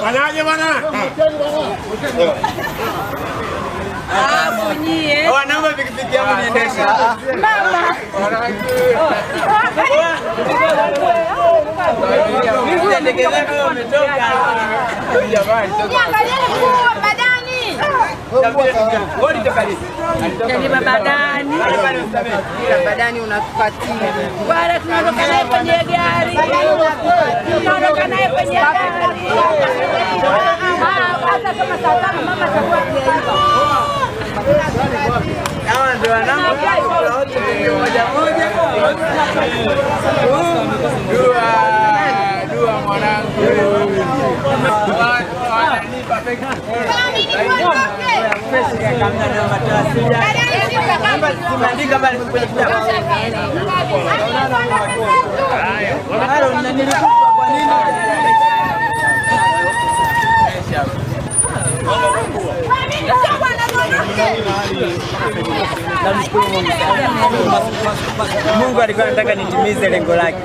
Panahnya mana? Ah, bunyi ya. Oh, nama bikin video ini desa. Mama. Orang itu. Tegemeko umetoka. Jamani, niangalie nguo badani. Goli toka lini? Alitoka badani. Badani unatupatia. Wala tunaondoka naye kwenye gari. Tunaondoka naye kwenye gari. Hata kama saa tano mama atakuwa hajaiva. Hawa ndio wanangu wote moja moja. Dua Mungu alikuwa anataka nitimize lengo lake,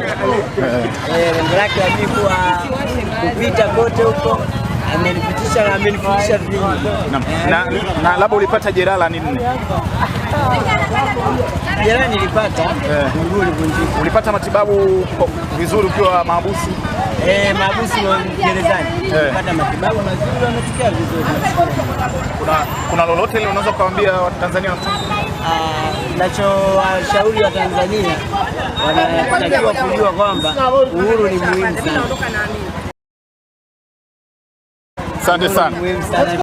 eh, lengo lake la kuwa kupita kote huko na amenifikisha vingi na, na, labda ulipata jeraha nini? Jeraha nilipata eh. mguu ulivunjika. Ulipata matibabu vizuri ukiwa mahabusi? Eh, mahabusi gerezani eh. nilipata matibabu mazuri, wametokea vizuri. Kuna kuna lolote ile unaweza kuwaambia Watanzania? Ah, Nachowashauri wa Tanzania wanatakiwa kujua kwamba uhuru ni muhimu sana Asante sana.